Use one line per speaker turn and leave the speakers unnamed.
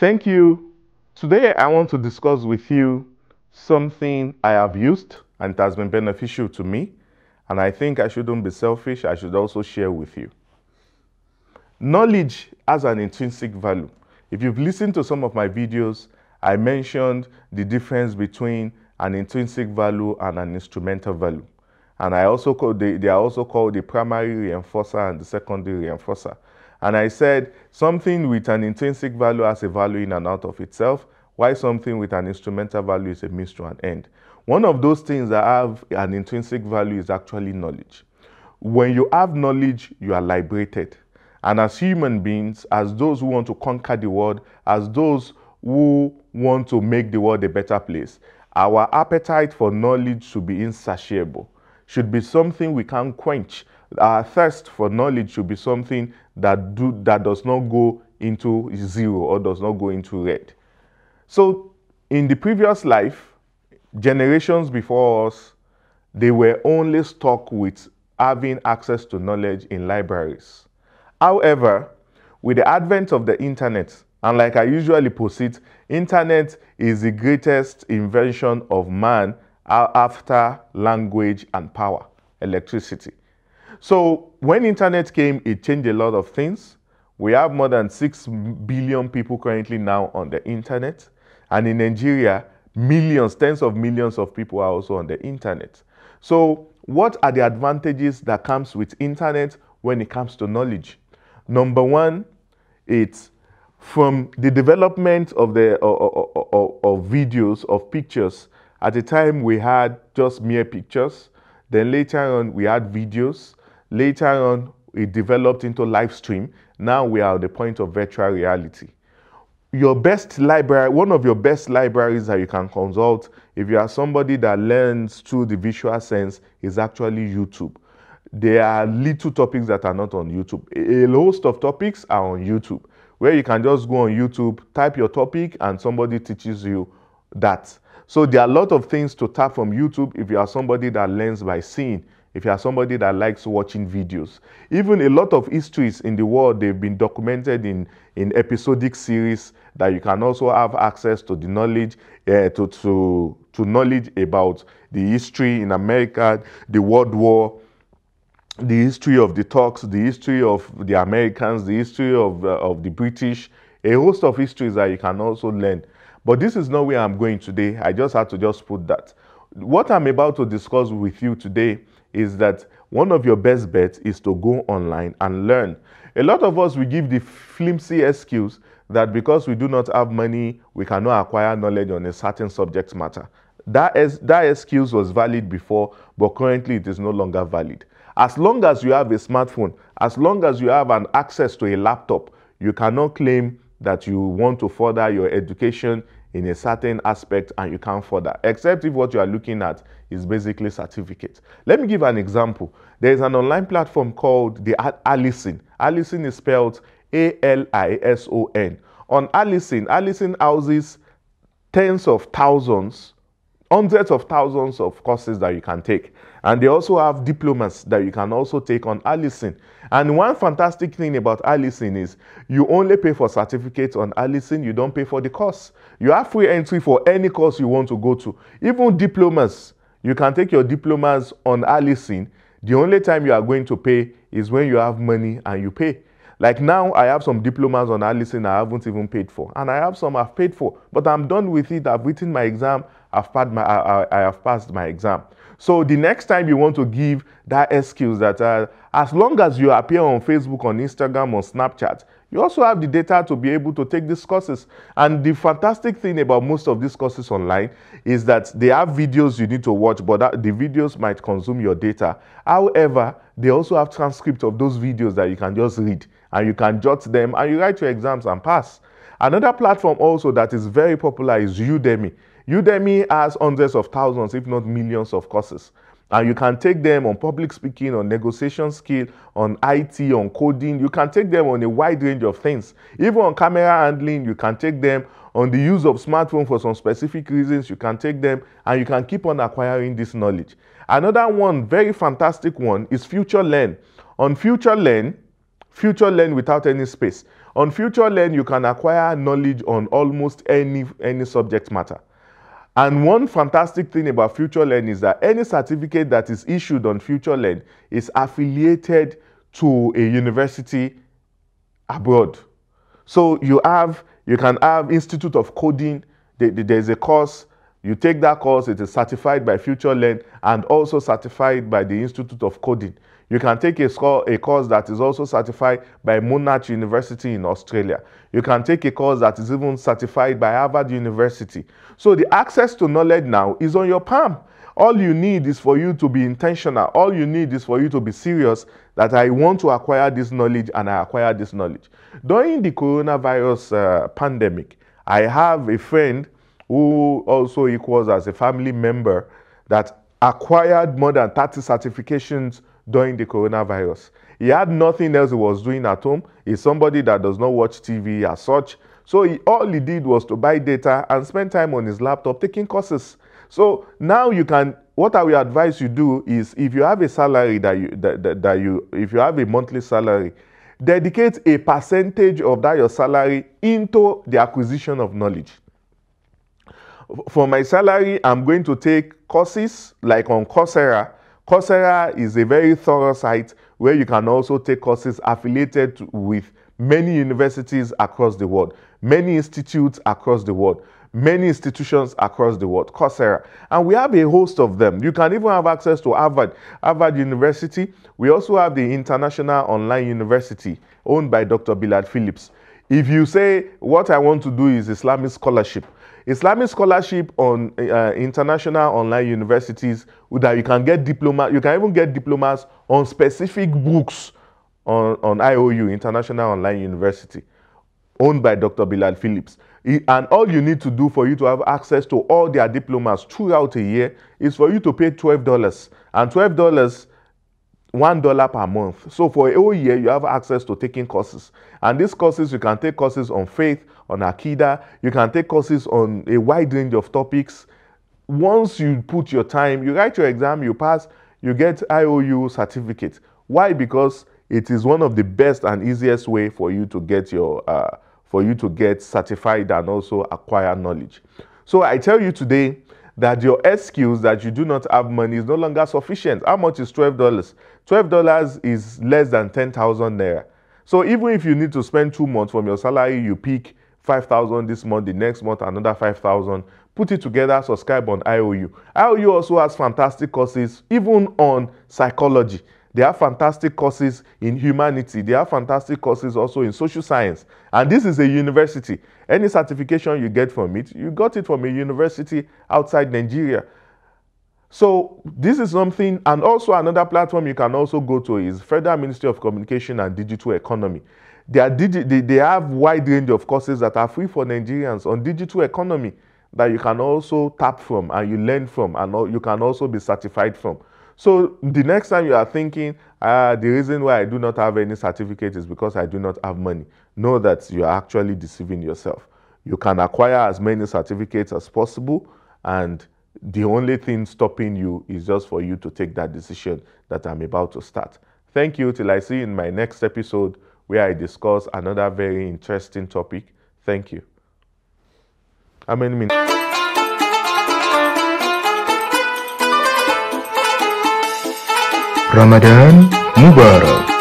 Thank you. Today I want to discuss with you something I have used and it has been beneficial to me. And I think I shouldn't be selfish. I should also share with you. Knowledge has an intrinsic value. If you've listened to some of my videos, I mentioned the difference between an intrinsic value and an instrumental value. And I also call, they, they are also called the primary reinforcer and the secondary reinforcer. And I said, something with an intrinsic value has a value in and out of itself, while something with an instrumental value is a means to an end. One of those things that have an intrinsic value is actually knowledge. When you have knowledge, you are liberated. And as human beings, as those who want to conquer the world, as those who want to make the world a better place, our appetite for knowledge should be insatiable, should be something we can quench our thirst for knowledge should be something that, do, that does not go into zero or does not go into red. So in the previous life, generations before us, they were only stuck with having access to knowledge in libraries. However, with the advent of the internet, and like I usually posit, it, internet is the greatest invention of man after language and power, electricity. So when internet came, it changed a lot of things. We have more than 6 billion people currently now on the internet. And in Nigeria, millions, tens of millions of people are also on the internet. So what are the advantages that comes with internet when it comes to knowledge? Number one, it's from the development of the of videos, of pictures. At the time, we had just mere pictures. Then later on, we had videos. Later on, it developed into live stream. Now we are at the point of virtual reality. Your best library, one of your best libraries that you can consult if you are somebody that learns through the visual sense is actually YouTube. There are little topics that are not on YouTube. A host of topics are on YouTube, where you can just go on YouTube, type your topic, and somebody teaches you that. So there are a lot of things to tap from YouTube if you are somebody that learns by seeing if you are somebody that likes watching videos. Even a lot of histories in the world, they've been documented in, in episodic series that you can also have access to the knowledge, uh, to, to, to knowledge about the history in America, the World War, the history of the Turks, the history of the Americans, the history of, uh, of the British, a host of histories that you can also learn. But this is not where I'm going today. I just had to just put that. What I'm about to discuss with you today is that one of your best bets is to go online and learn. A lot of us, we give the flimsy excuse that because we do not have money, we cannot acquire knowledge on a certain subject matter. That, is, that excuse was valid before, but currently it is no longer valid. As long as you have a smartphone, as long as you have an access to a laptop, you cannot claim that you want to further your education in a certain aspect and you can't further, except if what you are looking at is basically certificate. Let me give an example. There is an online platform called the Alison. Alison is spelled A-L-I-S-O-N. On Alison, Alison houses tens of thousands hundreds of thousands of courses that you can take. And they also have diplomas that you can also take on Allison. And one fantastic thing about Allison is you only pay for certificates on Allison, you don't pay for the course. You have free entry for any course you want to go to. Even diplomas, you can take your diplomas on Allison. The only time you are going to pay is when you have money and you pay. Like now, I have some diplomas on Allison I haven't even paid for. And I have some I've paid for. But I'm done with it. I've written my exam. I've passed my, I, I, have passed my exam. So the next time you want to give that excuse that uh, as long as you appear on Facebook, on Instagram, on Snapchat, you also have the data to be able to take these courses. And the fantastic thing about most of these courses online is that they have videos you need to watch, but that, the videos might consume your data. However, they also have transcripts of those videos that you can just read and you can jot them and you write your exams and pass. Another platform also that is very popular is Udemy. Udemy has hundreds of thousands, if not millions of courses. And you can take them on public speaking, on negotiation skill, on IT, on coding. You can take them on a wide range of things. Even on camera handling, you can take them on the use of smartphone for some specific reasons. You can take them and you can keep on acquiring this knowledge. Another one, very fantastic one, is Future Learn. On Future Learn, Future Learn without any space. On Future Learn, you can acquire knowledge on almost any, any subject matter. And one fantastic thing about FutureLearn is that any certificate that is issued on FutureLearn is affiliated to a university abroad. So you have, you can have Institute of Coding, there's a course you take that course, it is certified by FutureLearn and also certified by the Institute of Coding. You can take a, a course that is also certified by Monash University in Australia. You can take a course that is even certified by Harvard University. So the access to knowledge now is on your palm. All you need is for you to be intentional. All you need is for you to be serious that I want to acquire this knowledge and I acquire this knowledge. During the coronavirus uh, pandemic, I have a friend who also equals as a family member that acquired more than 30 certifications during the coronavirus. He had nothing else he was doing at home. He's somebody that does not watch TV as such. So he, all he did was to buy data and spend time on his laptop taking courses. So now you can, what I will advise you do is if you have a salary that you, that, that, that you if you have a monthly salary, dedicate a percentage of that your salary into the acquisition of knowledge for my salary, I'm going to take courses like on Coursera. Coursera is a very thorough site where you can also take courses affiliated with many universities across the world, many institutes across the world, many institutions across the world, Coursera. And we have a host of them. You can even have access to Harvard, Harvard University. We also have the International Online University owned by Dr. Billard Phillips. If you say, what I want to do is Islamic scholarship, Islamic scholarship on uh, international online universities that you can get diploma, you can even get diplomas on specific books on, on IOU, International Online University, owned by Dr. Bilal Phillips. and all you need to do for you to have access to all their diplomas throughout a year is for you to pay twelve dollars, And twelve dollars. one dollar per month. So for a whole year, you have access to taking courses. And these courses, you can take courses on faith, on Akida, you can take courses on a wide range of topics. Once you put your time, you write your exam, you pass, you get IOU certificate. Why? Because it is one of the best and easiest way for you to get your uh, for you to get certified and also acquire knowledge. So I tell you today, that your excuse that you do not have money is no longer sufficient. How much is $12? $12 is less than 10,000 naira. So even if you need to spend two months from your salary, you pick 5,000 this month, the next month another 5,000. Put it together, subscribe on IOU. IOU also has fantastic courses even on psychology. There are fantastic courses in humanity. There are fantastic courses also in social science. And this is a university. Any certification you get from it, you got it from a university outside Nigeria. So this is something, and also another platform you can also go to is Federal Ministry of Communication and Digital Economy. They, are digi they, they have wide range of courses that are free for Nigerians on digital economy that you can also tap from and you learn from and you can also be certified from. So the next time you are thinking, ah, the reason why I do not have any certificate is because I do not have money, know that you are actually deceiving yourself. You can acquire as many certificates as possible, and the only thing stopping you is just for you to take that decision that I'm about to start. Thank you till I see you in my next episode where I discuss another very interesting topic. Thank you. How many minutes? Ramadan Mubarak